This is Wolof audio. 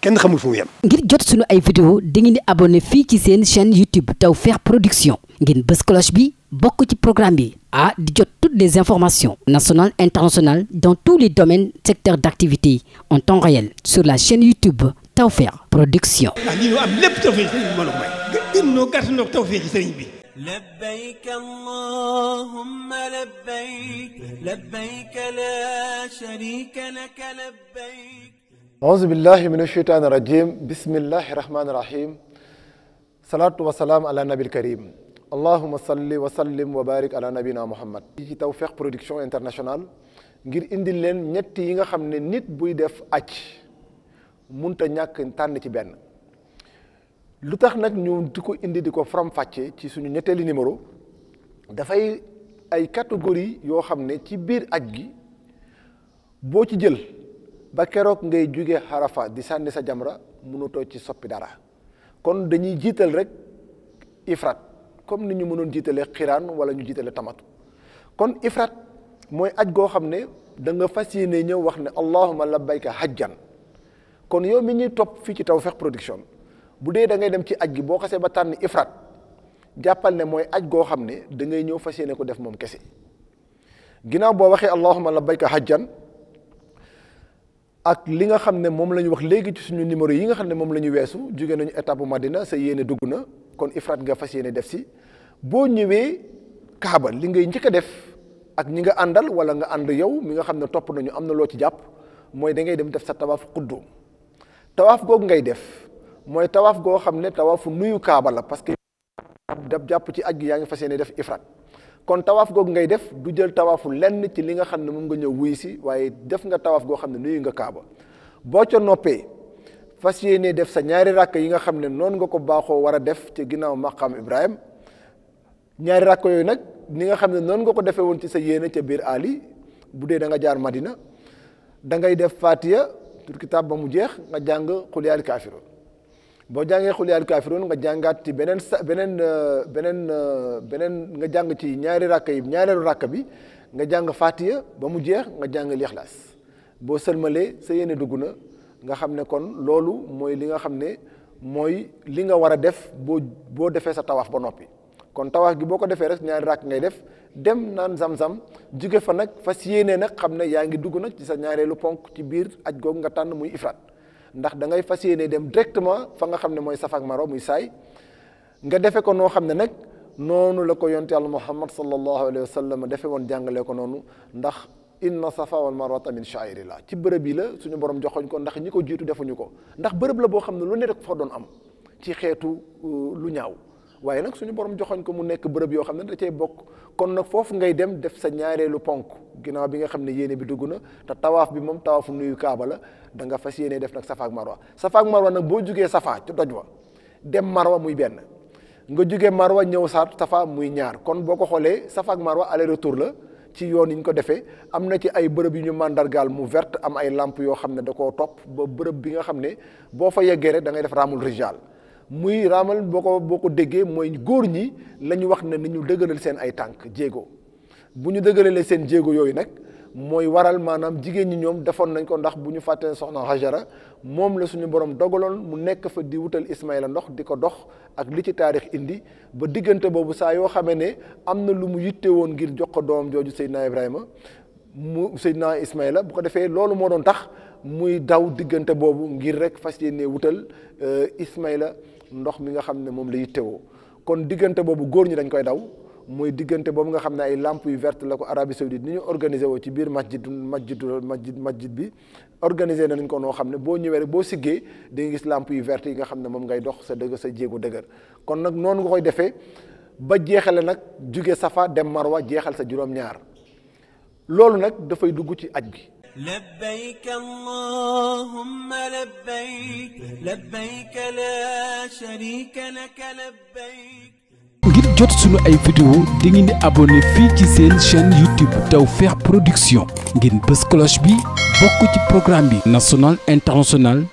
kenn xamul fu mu yem. ngir jot sunu ay vidéo dangeen di abonné fii ci seen chaîne YouTube Tawfekh Production ngeen bës bi bokk ci programme bi ah di jot toutes les informations nationales internationales dans tous les domaines secteurs d'activité en temps réel sur la chaîne YouTube Tawfekh Production. ah lii ñu am lépp tawfeex ci sëriñ bi moom mooy gën ñoo gàtt bi. labbayk allahumma labbayk la sharika lak labbayk. auzu billahi min asheytaani rajim bismillahi rahmaani rahim salaatu wasalaam ala nabil karim allahuma salli wa sallim wa barik ala nabina muhammad ci Tawfekh Production Internationale ngir indil leen ñett yi nga xam ne nit buy def acc munta ñàkk tànn ci benn lu tax nag ñu di ko indi di ko fram fàcce ci suñu ñetteeli numéro dafay ay catégorie yoo xam ne ci biir aj gi boo ci jël ba keroog ngay jóge xarafa di sànni sa jamra mënutoo ci soppi dara kon dañuy jiital rek ifrat comme ni ñu mënoon jiitalee xiraan wala ñu jiitalee tamatu kon ifrat mooy aj goo xam ne da fas yéene ñëw wax ne allahumma labbayka hajjan kon yow mi ñuy topp fii ci Tawfekh Production bu dee da dem ci aj gi boo xasee ba tànn ifrat jàppal ne mooy aj goo xam ne da ngay ñëw fas yéene ko def moom kese ginnaaw boo waxee allahumma labbayka hajjan ak li nga xam ne moom la ñu wax léegi ci suñu numéro yi nga xam ne moom la ñu weesu jóge nañu étape bu Madina sa yéene dugg na kon ifrat nga fas yéene def si boo ñëwee Kaaba li ngay njëkk a def ak ñi nga àndal wala nga ànd yow mi nga xam ne topp nañu am na loo ci jàpp mooy da ngay dem def sa tawaaf xuddu tawaaf googu ngay def mooy tawaaf goo xam ne tawaafu nuyu Kaaba la parce que dab jàpp ci aj gi yaa ngi fas yéene def ifrat kon tawaaf googu ngay def du jël tawaafu lenn ci li nga xam ne moom nga ñëw wuy si waaye def nga tawaaf goo xam ne nuyu nga kaaba boo ca noppee fas yéene def sa ñaari rakk yi nga xam ne noonu nga ko baaxoo war def ci ginnaaw maqaam Ibrahim ñaari rakk yooyu nag ni nga xam ne noonu nga ko defee woon ci sa yéene ca biir Ali bu dee da nga jaar Madina da ngay def Fatiha tur kitaab ba mu jeex nga jàng xul kaafiroon boo jàngee xul yaal kaafiroon nga jàngaat ci beneen sa beneen euh, beneen euh, beneen nga jàng ci ñaari ràkk yi ñaareelu ràkk bi nga jàng fatiya ba mu jeex nga jàng lixlaas boo sëlmalee sa yéene dugg na nga xam ne kon loolu mooy li nga xam ne mooy li nga war a def boo boo defee sa tawaaf ba noppi kon tawaaf gi boo ko defee rek ñaari rakk ngay def dem naan zam-zam jóge fa nag fas yéenee nag xam ne yaa ngi dugg nag ci sa ñaareelu ponk ci biir aj googu nga tànn muy ifraat ndax da ngay fas yéene dem directement fa nga xam ne mooy safa ak marwa muy saay nga defe ko noo xam ne nag noonu la ko yonte yàlla muhammad sallallahu alayhi wa sallam defe woon jàngale ko noonu ndax inna safa wal marwata min sha'airillah ci bërëb yi la suñu borom joxoñ ko ndax ñi ko jiitu defuñu ko ndax bërëb la boo xam ne lu ne rek fa doon am ci xeetu euh, lu ñaaw waaye nag suñu borom joxoñ ko mu nekk bërëb yoo xam ne da cay bokk kon nag foofu ngay dem def sa ñaareelu ponk ginnaaw bi nga xam ne yéene bi dugg na te tawaaf bi moom tawaafu nuyu kaaba la da nga fas yéene def nag safa ak marwa safa marwa nag boo jugee safa ci doj wa dem marwa muy benn nga jugee marwa ñëw saat safa muy ñaar kon boo ko xoolee safa ak marwa aller retour la ci yoon yi ñu ko defee am na ci ay bërëb yu ñu màndargaal mu vert am ay làmp yoo xam ne da koo topp ba bërëb bi nga xam ne boo fa yeggee rek da ngay def raamul rijal muy raamal boo ko boo ko déggee mooy góor ñi la ñu wax ne ni ñu dëgëral seen ay tànk jéego bu ñu dëgëralee seen jéego yooyu nag mooy waral maanaam jigéen ñi ñoom defoon nañ ko ndax bu ñu fàttee soxna Hajara moom la suñu borom dogaloon mu nekk fa di wutal Ismaïla ndox di ko dox ak li ci taarix indi ba diggante boobu saa yoo xamee ne am na lu mu yitte woon ngir jox ko doom jooju Seydina Ibrahima mu Seydina Ismaïla bu ko defee loolu moo doon tax muy daw diggante boobu ngir rek fas ne wutal euh, Ismaïla ndox mi nga xam ne moom la yittewoo kon diggante boobu góor ñi dañ koy daw mooy diggante boobu nga xam ne ay lampes yu verte la ko Arabie Saoudite ni ñu organisé woo ci biir masjid masjid masjid masjid bi organisé nañ ko noo xam ne boo ñëwee rek boo siggee di nga gis lampes yu verte yi nga xam ne moom ngay dox sa dëgg sa jéego dëgër kon nag noonu nga koy defee ba jeexale nag jóge Safa dem Marwa jeexal sa juróom-ñaar loolu nag dafay dugg ci aj gi labbayk allahumma labbayk labbayk laa sharika laka labbayk ngir jot sunu ay vidéo di ngeen di abonné fii ci seen chaîne YouTube Tawfekh Production ngeen bës cloche bi bokk ci programme bi national international